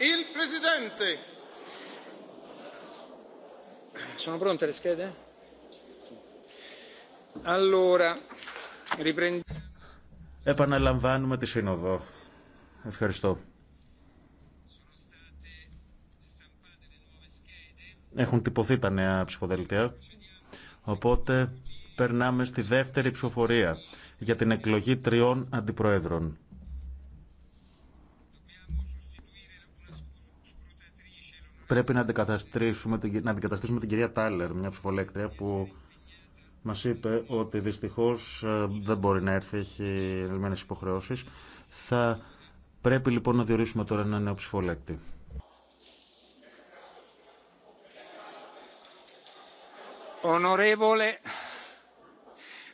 il presidente sono pronte le schede allora επαναλαμβάνουμε τη σύνοδο ευχαριστώ έχουν τυπωθεί τα νέα ψηφοδελτία οπότε περνάμε στη δεύτερη ψηφοφορία για την εκλογή τριών αντιπροέδρων Πρέπει να αντικαταστήσουμε, να αντικαταστήσουμε την κυρία Τάλερ, μια ψηφολέκτρια που μα είπε ότι δυστυχώ ε, δεν μπορεί να έρθει, έχει ελμένε υποχρεώσει. Θα πρέπει λοιπόν να διορίσουμε τώρα ένα νέο ψηφολέκτη. Ονορεύολε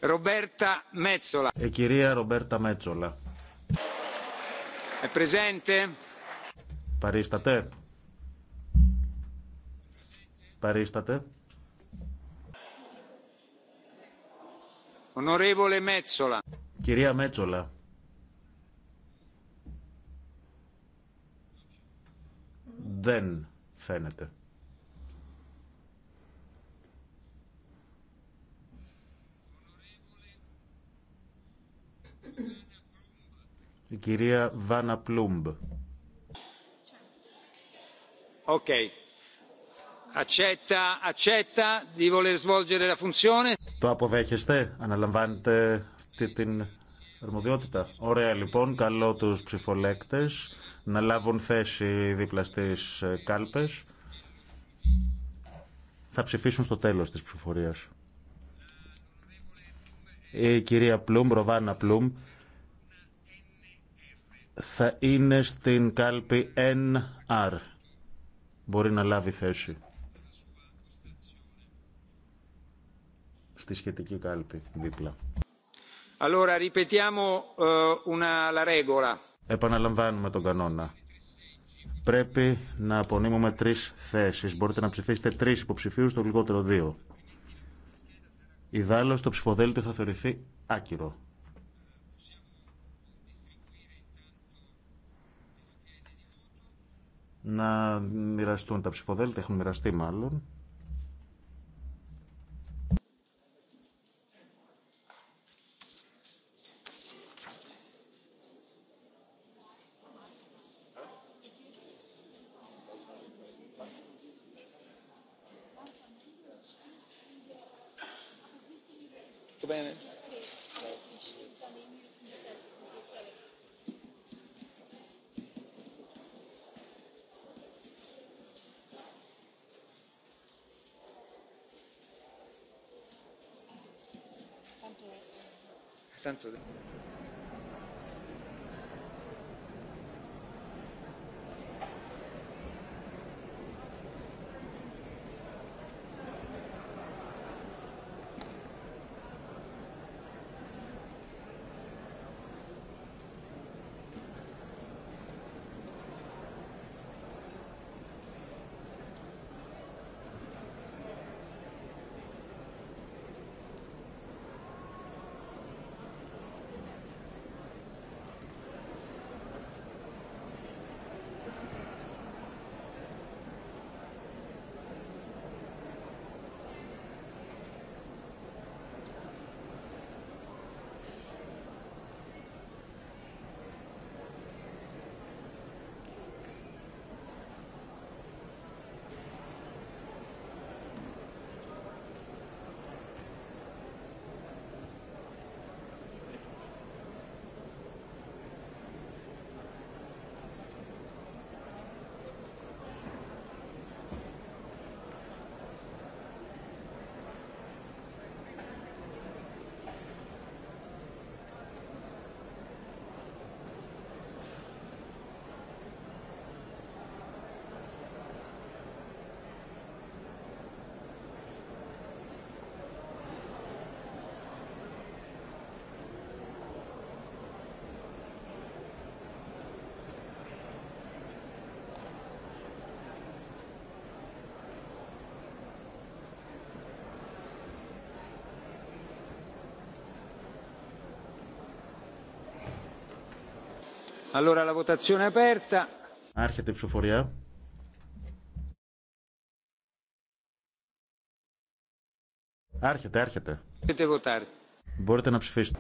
Ρομπέρτα Μέτσολα. Η ε, κυρία Ρομπέρτα Μέτσολα. Ε, Παρίσταται. Παρίσταται. Ονορεύολε Μέτσολα. Κυρία Μέτσολα. Δεν φαίνεται. Η κυρία Βάνα Πλούμπ. Okay. Το αποδέχεστε, αναλαμβάνετε την αρμοδιότητα. Ωραία λοιπόν, καλό τους ψηφολέκτες να λάβουν θέση δίπλα στις ε, κάλπες. Θα ψηφίσουν στο τέλος της ψηφοφορίας. Η κυρία Πλούμ, Ροβάνα Πλούμ, θα είναι στην κάλπη NR. Μπορεί να λάβει θέση. στη σχετική κάλπη δίπλα. Allora, ripetiamo eh, una, la regola. Επαναλαμβάνουμε τον κανόνα. Πρέπει να απονείμουμε τρεις θέσεις. Μπορείτε να ψηφίσετε τρεις υποψηφίους, το λιγότερο δύο. Ιδάλλως το ψηφοδέλτιο θα θεωρηθεί άκυρο. Να μοιραστούν τα ψηφοδέλτια, έχουν μοιραστεί μάλλον. AUTHORWAVE Allora la votazione è aperta. Άρχεται η ψηφοφορία. Άρχεται, άρχεται. Μπορείτε να ψηφίσετε.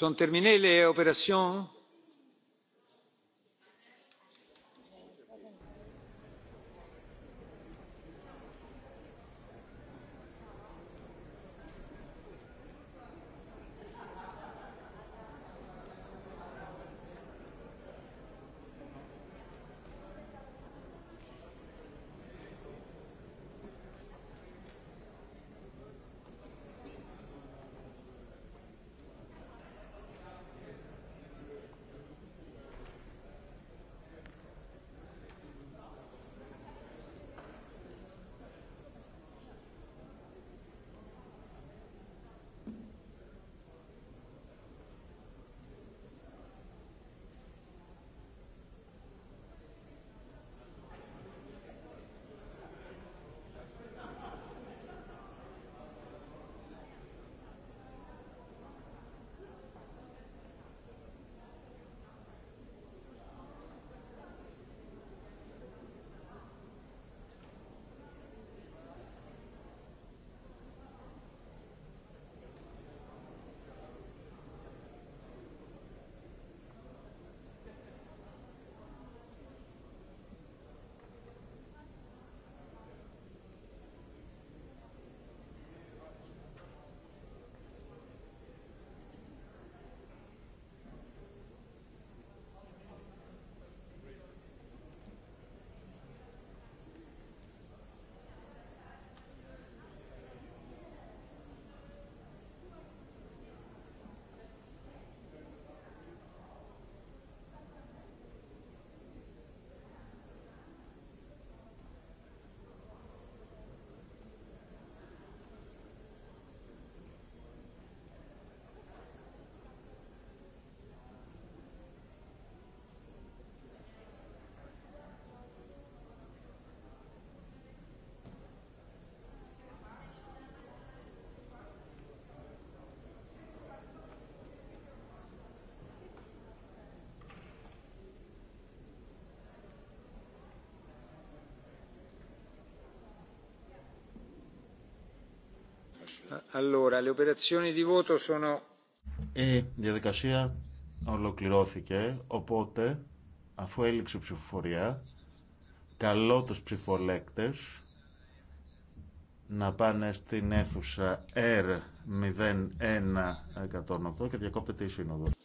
sont terminées les opérations Η διαδικασία ολοκληρώθηκε, οπότε αφού έληξε η ψηφοφορία, καλώ τους ψηφολέκτες να πάνε στην αίθουσα R01108 και διακόπτεται η σύνοδος.